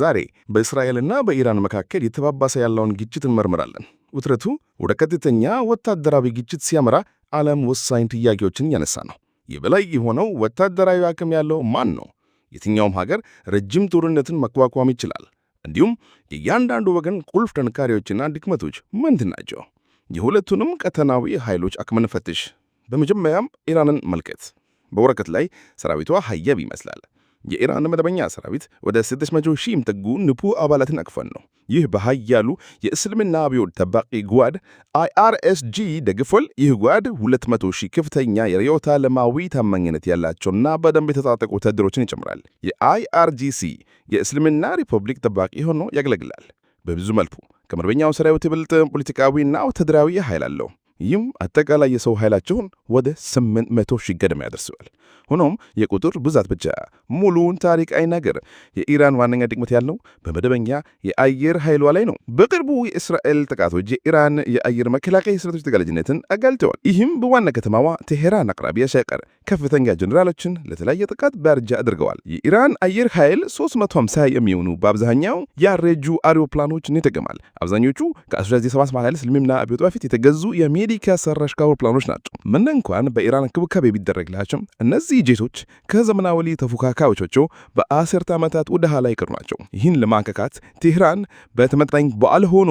ዛሬ በእስራኤልና በኢራን መካከል የተባባሰ ያለውን ግጭት እንመርምራለን። ውጥረቱ ወደ ቀጥተኛ ወታደራዊ ግጭት ሲያመራ ዓለም ወሳኝ ጥያቄዎችን እያነሳ ነው። የበላይ የሆነው ወታደራዊ አቅም ያለው ማን ነው? የትኛውም ሀገር ረጅም ጦርነትን መቋቋም ይችላል? እንዲሁም የእያንዳንዱ ወገን ቁልፍ ጥንካሬዎችና ድክመቶች ምንድን ናቸው? የሁለቱንም ቀጠናዊ ኃይሎች አቅምን ፈትሽ። በመጀመሪያም ኢራንን መልከት። በወረቀት ላይ ሰራዊቷ ሀያብ ይመስላል። የኢራን መደበኛ ሰራዊት ወደ 600 ሺህ የሚጠጉ ንቁ አባላትን አቅፈን ነው። ይህ በሃያሉ የእስልምና አብዮት ጠባቂ ጓድ አይአርኤስጂ ደግፎል። ይህ ጓድ 200 ሺህ ከፍተኛ የርዕዮተ ዓለማዊ ታማኝነት ያላቸውና በደንብ የተጣጠቁ ወታደሮችን ይጨምራል። የአይአርጂሲ የእስልምና ሪፐብሊክ ጠባቂ ሆኖ ያገለግላል። በብዙ መልኩ ከመደበኛው ሰራዊት የበለጠ ፖለቲካዊና ወታደራዊ ኃይል አለው። ይህም አጠቃላይ የሰው ኃይላቸውን ወደ 800 ሺህ ገደማ ያደርሰዋል። ሆኖም የቁጥር ብዛት ብቻ ሙሉውን ታሪክ አይናገር። የኢራን ዋነኛ ድክመት ያለው በመደበኛ የአየር ኃይሏ ላይ ነው። በቅርቡ የእስራኤል ጥቃቶች የኢራን የአየር መከላከያ ስርዓቶች ተጋላጅነትን አጋልጠዋል። ይህም በዋና ከተማዋ ቴሄራን አቅራቢያ ሳይቀር ከፍተኛ ጀኔራሎችን ለተለያየ ጥቃት ባርጃ አድርገዋል። የኢራን አየር ኃይል 350 የሚሆኑ በአብዛኛው ያረጁ አውሮፕላኖችን ይጠቀማል። አብዛኞቹ ከ1979 እስልምና አብዮት በፊት የተገዙ የአሜሪካ ሰራሽ አውሮፕላኖች ናቸው። ምን እንኳን በኢራን ክብካቤ ቢደረግላቸው እነዚህ ጄቶች ከዘመናዊ ተፎካካዮቻቸው በአስርተ ዓመታት ወደ ኋላ የቀሩ ናቸው። ይህን ለማንካካት ቴህራን በተመጣጣኝ ባልሆኑ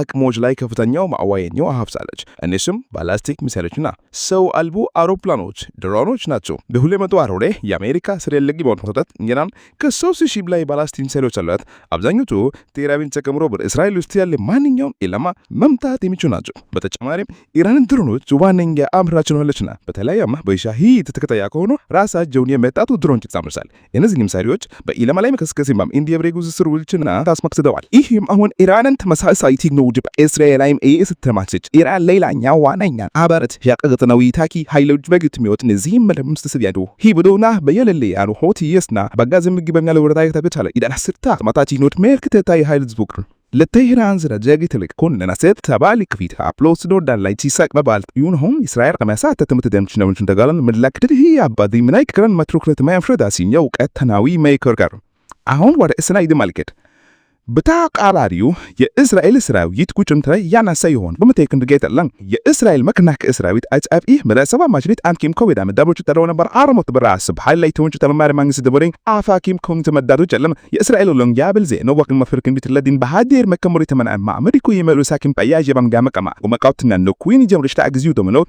አቅሞች ላይ ከፍተኛው መዋዕለ ንዋይ ሀብታለች። እነሱም ባላስቲክ ሚሳይሎችና ሰው አልቦ አውሮፕላኖች ድሮኖች ናቸው። በ242 የአሜሪካ ትልልቅ በሆኑ ሰጠት እንጀናን ከ3 ሺህ በላይ ባላስቲክ ሚሳይሎች አሏት። አብዛኞቹ ቴራቪን ጨምሮ በእስራኤል ውስጥ ያለ ማንኛውም ኢላማ መምታት የሚችሉ ናቸው። በተጨማሪም ኢራንን ድሮኖች ዋነኛ አምራች ሆነችና በተለያማ በሻሂድ ተከታያ ከሆኑ ራሳቸውን የመጣቱ ድሮኖች ታምርሳል። እነዚህ ሚሳይሎች በኢላማ ላይ መከስከስ እንዲብሬጉ ዝስር ውልችና ታስመክስደዋል። ይህም አሁን ኢራንን ተመሳሳይ ቴክኖ ውድብ እስራኤላይም እየስተማችች ኢራን ሌላኛ ዋነኛ አባረት ያቀገጥነው ታኪ ኃይሎች በግጥሚያዎች ንዚህ መደም ስትስያዱ ሂብዶና በየለለ ያሉ ሆት የስና በጋዝ ምግብ በሚያለ ወረዳ ከተቻለ ኢዳል ስርታ ማታቺ ኖት መልክተታይ ኃይል ዝቡክር ለቴህራን ዝረጀግ ትልቅ ኮንነና ሴት ተባሊ ክፊት አፕሎስ ዶርዳን ላይ ቺሳቅ መባል ይሁን ሆም እስራኤል ከመሳ ተተምት ደምች ነው እንት ተጋለን ምላክ ድህ አባዲ ምናይ ክረን መትሩክለት ማያፍረዳ ሲኛው ቀተናዊ ሜከር ጋር አሁን ወደ እስና ማልከት በተቃራሪው የእስራኤል ሰራዊት ቁጭምታ ያነሳ ይሆን በመቴክ እንደገጠለን የእስራኤል መከላከያ ሰራዊት አጻብኢ መራሰባ ማጅሪት አንኪም ኮ መዳቦች ተደረው ነበር አርሞት በራስብ ሃይላይት ወንጭ ተመማሪ መንግስት ደቦሬን አፋኪም ኮንት መዳዶች አለም የእስራኤል ሎንግ ያብል ዘ ነው ወክን መፍርክን ቢት ለዲን በሃዲር መከሙሪ ተመና ማዕመድ የመሉ ሳኪም ጳያጅ የባንጋ መቀማ ወመቃውትና ነው ኩይን ጀምርሽ ታግዚው ተመነው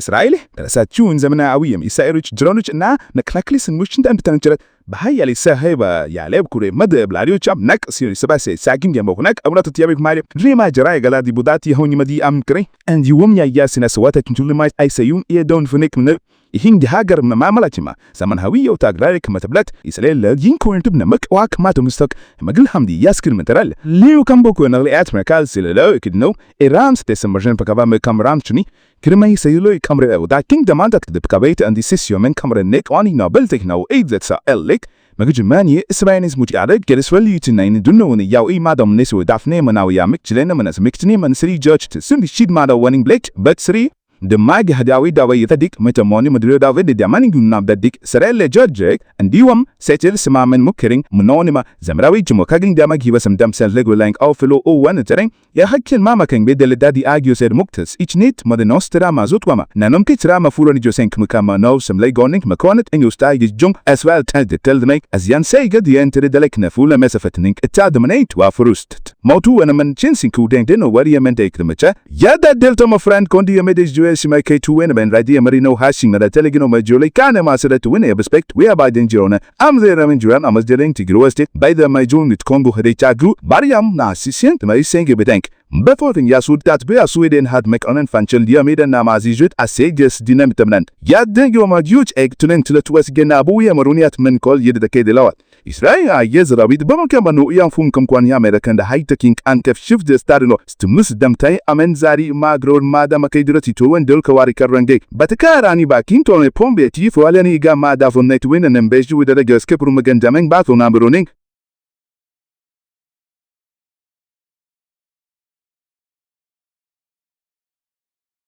እስራኤል ደረሳችሁን ዘመናዊ የኢሳኤሮች ድሮኖች እና መከላከያ ስንሞች እንደ አንድ በኃያል ሰህበ ያለ ኩሬ መደብ ላሪዎች አምናቅ ሲሆን ሰባሴ ሳኪን የመሆናቅ አቡና ተትያቤክ ማሪ ድሬማ ጀራ የገላዲ ቡዳት የሆኝ መዲ አምክሬ እንዲሁም ያያ ሲነስዋተችን ቱልማች አይሰዩም የደውን ፍኔክ ምንር ይህን የሀገር ማዕማላችማ ዘመናዊው ወታደራዊ ከመተብላት እስራኤል ለጂንኮ ንቱብ ነመቅ ዋክ ማቶ ምስተክ መግል ሐምዲ ያስክል ምንተራል ሌው ከምቦኮ ነር ሊአት መካል ሲለለው እክድ ነው ኢራንስ ስተሰመርጀን ፐካባ መካም ራምችኒ ክርማይ ሰይሎ ከምረ ወዳ ኪንግ ኪንግደም አንታት ከደብካቤት አንዲ ሲስዮመን ከምረ ኔቅ ዋኒ ነው በልቴክ ነው ኤግዘትሳ ኤልክ መግጅ ማን መግጅማን የእስራኤልስ ሙጭ ያደግ የደስወልዩትና ይንዱነውን ያው ኢማዳም ነስ ወዳፍኔ መናው ያምክ ምክችለነ መነስ ምክትኔ መንስሪ ጆች ትስም ሺድ ማዶ ወኒንግ ብሌክ በት ስሪ Demag hadawi dawa yitadik metamoni mudrio David diamani gunab dadik sarelle judge ndiwam setil smamen mukering mononima zamrawi jumokagin damag hiwa samdam selego lang au filo o wan tereng ya hakil mama kang bedel dadi agio ser muktas ichnit madenostra mazutwama nanom kitra mafuroni josenk mukama no samle goning makonet en yustai jung as well tel de tel make as yan sega di enter delek nafula mesafatning etadmanate wa furust motu enamen chinsinku deng deno wariamen dekdemacha yada delta ma friend kondi yamedej USMK2 win when radio marino hashing na telegino majuli kana masada to win a respect we are by Jirona am the ramen Jiran amas dereng tigro state by the majun with Congo Hedecha group Bariam na sisient mai senge betank በፎርኛ ሱዳት በያ ስዊድን ሃድ መቀነን ፋንቸል የሜደና ማዚጁት አሴጀስ ዲናሚተምናን ያደን ዮማጂዎች ኤክቱነን ትለትወስ ገና ቡ የመሩንያት መንኮል ይደተከይደለዋል Israel bamukambano yanfunka mkwani Amerikanda haytakin antef shifde starino stimus damtay amen zari magror madama kaydurati towen dolka wari karrange batakarani bakin tone pombe tifo alani ga madafo netwinen nembejju widada gaske purmagan jameng bato namberoning